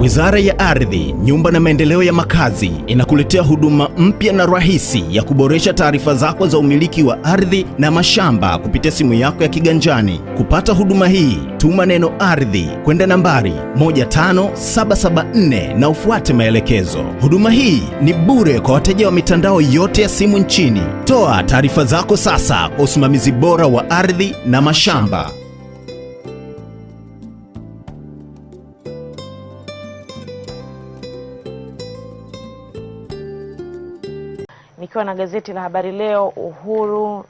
Wizara ya Ardhi, Nyumba na Maendeleo ya Makazi inakuletea huduma mpya na rahisi ya kuboresha taarifa zako za umiliki wa ardhi na mashamba kupitia simu yako ya kiganjani. Kupata huduma hii, tuma neno ardhi kwenda nambari 15774 na ufuate maelekezo. Huduma hii ni bure kwa wateja wa mitandao yote ya simu nchini. Toa taarifa zako sasa kwa usimamizi bora wa ardhi na mashamba. nikiwa na gazeti la Habari Leo, Uhuru,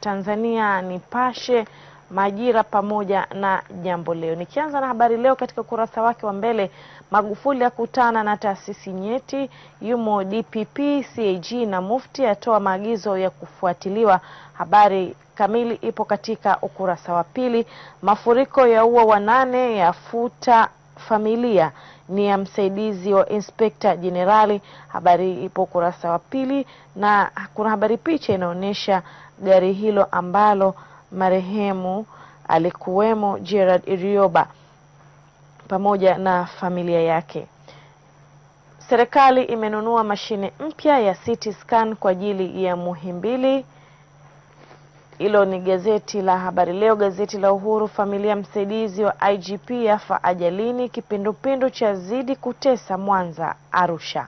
Tanzania, Nipashe, Majira pamoja na Jambo Leo. Nikianza na Habari Leo, katika ukurasa wake wa mbele, Magufuli akutana na taasisi nyeti, yumo DPP, CAG na Mufti atoa maagizo ya kufuatiliwa. Habari kamili ipo katika ukurasa wa pili. Mafuriko ya ua wanane yafuta familia ni ya msaidizi wa inspekta jenerali. Habari ipo ukurasa wa pili, na kuna habari picha inaonyesha gari hilo ambalo marehemu alikuwemo Gerard Irioba pamoja na familia yake. Serikali imenunua mashine mpya ya CT scan kwa ajili ya Muhimbili. Hilo ni gazeti la Habari Leo, gazeti la Uhuru. Familia msaidizi wa IGP afa ajalini, kipindupindu cha zidi kutesa Mwanza, Arusha.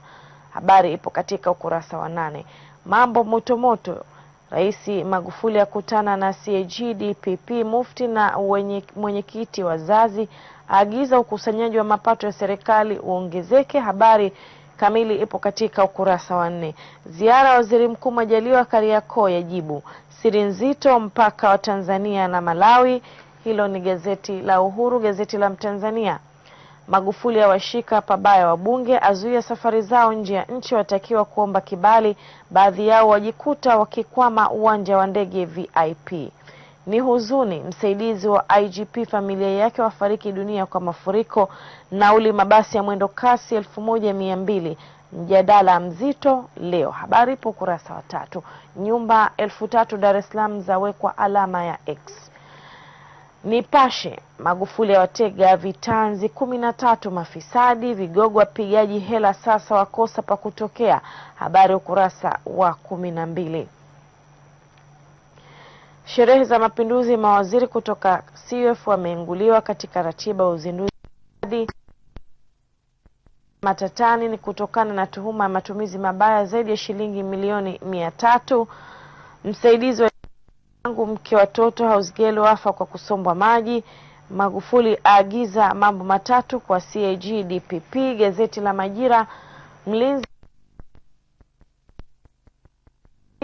Habari ipo katika ukurasa wa nane. Mambo motomoto, Rais Magufuli akutana na CAG, DPP, Mufti na mwenyekiti wazazi, aagiza ukusanyaji wa mapato ya serikali uongezeke. Habari kamili ipo katika ukurasa wa nne. Ziara waziri mkuu Majaliwa Kariakoo yajibu siri nzito mpaka wa Tanzania na Malawi. Hilo ni gazeti la Uhuru, gazeti la Mtanzania. Magufuli awashika pabaya wabunge, azuia safari zao nje ya nchi, watakiwa kuomba kibali, baadhi yao wajikuta wakikwama uwanja wa ndege VIP. Ni huzuni, msaidizi wa IGP familia yake wafariki dunia kwa mafuriko. Nauli mabasi ya mwendo kasi elfu moja mia mbili Mjadala mzito leo, habari ipo ukurasa wa tatu. Nyumba elfu tatu Dar es Salaam zawekwa alama ya X. Nipashe, Magufuli awatega vitanzi kumi na tatu mafisadi, vigogo wapigaji hela sasa wakosa pa kutokea, habari ukurasa wa kumi na mbili. Sherehe za mapinduzi, mawaziri kutoka CUF wameinguliwa katika ratiba ya uzinduzi matatani ni kutokana na tuhuma ya matumizi mabaya zaidi ya shilingi milioni mia tatu. Msaidizi wa mke watoto Hausgelu afa kwa kusombwa maji. Magufuli aagiza mambo matatu kwa CAG DPP. Gazeti la Majira. Mlinzi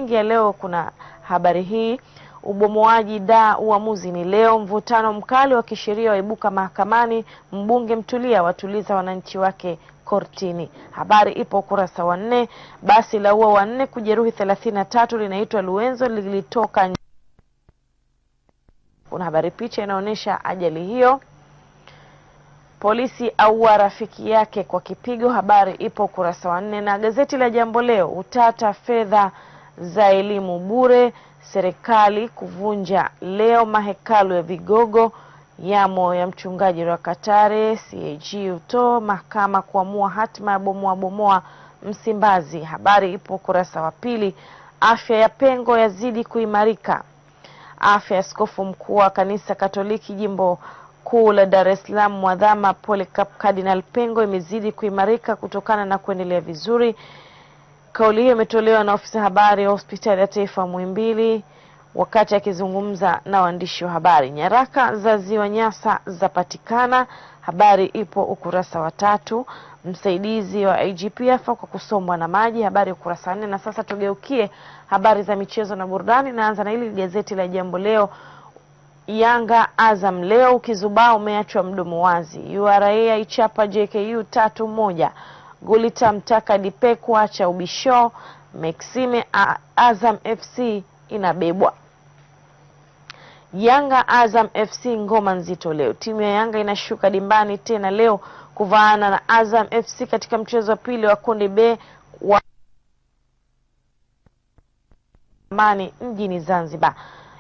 ya leo kuna habari hii. Ubomoaji da uamuzi ni leo. Mvutano mkali wa kisheria waibuka mahakamani. Mbunge Mtulia watuliza wananchi wake kortini. Habari ipo ukurasa wa nne. Basi la ua wanne kujeruhi thelathini na tatu linaitwa Luenzo lilitoka. Kuna habari, picha inaonyesha ajali hiyo. Polisi aua rafiki yake kwa kipigo. Habari ipo ukurasa wa nne. Na gazeti la Jambo Leo, utata fedha za elimu bure, serikali kuvunja leo mahekalu ya vigogo yamo ya mchungaji Rwakatare CAG uto mahakama kuamua hatima ya bomoa bomoa Msimbazi. Habari ipo ukurasa wa pili. Afya ya Pengo yazidi kuimarika. Afya ya askofu mkuu wa kanisa Katoliki jimbo kuu la Dar es Salaam Mwadhama Polycarp Cardinal Pengo imezidi kuimarika kutokana na kuendelea vizuri. Kauli hiyo imetolewa na ofisa habari ya hospitali ya taifa Muhimbili Wakati akizungumza na waandishi wa habari, nyaraka za ziwa Nyasa zapatikana. Habari ipo ukurasa wa tatu. Msaidizi wa IGP afa kwa kusombwa na maji, habari ukurasa nne. Na sasa tugeukie habari za michezo na burudani. Naanza na hili gazeti la Jambo Leo. Yanga Azam leo, ukizubaa umeachwa mdomo wazi. URA yaichapa JKU tatu moja. Gulita mtaka Dipe kuacha ubisho. Maxime Azam FC inabebwa. Yanga Azam FC ngoma nzito leo. Timu ya Yanga inashuka dimbani tena leo kuvaana na Azam FC katika mchezo wa pili wa kundi B wa amani mjini Zanzibar.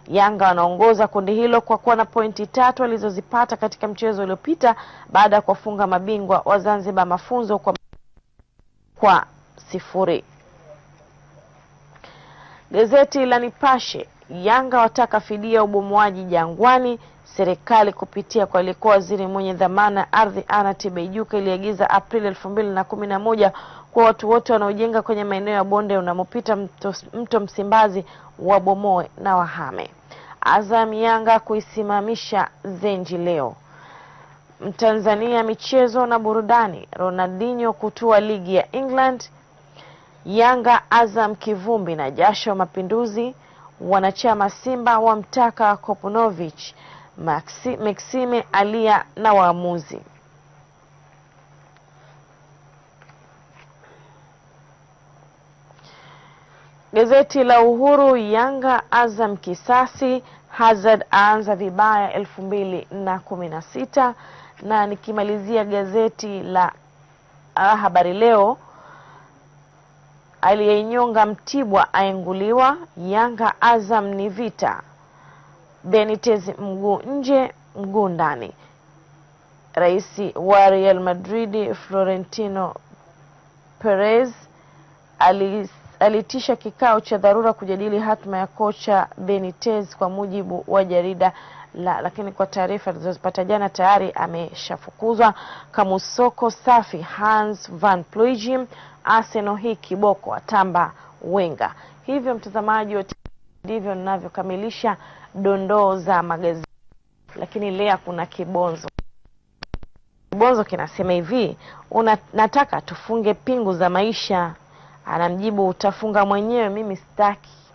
Yanga wanaongoza kundi hilo kwa kuwa na pointi tatu walizozipata katika mchezo uliopita baada ya kuwafunga mabingwa wa Zanzibar mafunzo kwa, kwa sifuri. Gazeti la Nipashe Yanga wataka fidia ubomoaji Jangwani. Serikali kupitia kwa aliyekuwa waziri mwenye dhamana ya ardhi Anna Tibaijuka iliagiza Aprili elfu mbili na kumi na moja kuwa watu wote wanaojenga kwenye maeneo ya bonde unamopita mto, mto Msimbazi wabomoe na wahame. Azam Yanga kuisimamisha Zenji leo. Mtanzania michezo na burudani, Ronaldinho kutua ligi ya England. Yanga Azam kivumbi na jasho mapinduzi. Wanachama Simba wamtaka Kopunovich Maxime alia na waamuzi. Gazeti la Uhuru, Yanga Azam kisasi, Hazard aanza vibaya elfu mbili na kumi na sita. Na nikimalizia gazeti la ah, Habari Leo Aliyeinyonga Mtibwa aenguliwa. Yanga Azam ni vita. Benitez mguu nje mguu ndani. Rais wa Real Madrid Florentino Perez alitisha kikao cha dharura kujadili hatma ya kocha Benitez kwa mujibu wa jarida la, lakini kwa taarifa tulizozipata jana tayari ameshafukuzwa Kamusoko Safi, Hans van Pluijm, Arsenal hii kiboko atamba Wenga. Hivyo mtazamaji wa ndivyo ninavyokamilisha dondoo za magazeti, lakini leo kuna kibonzo kibonzo kinasema hivi, nataka tufunge pingu za maisha? Anamjibu, utafunga mwenyewe, mimi sitaki.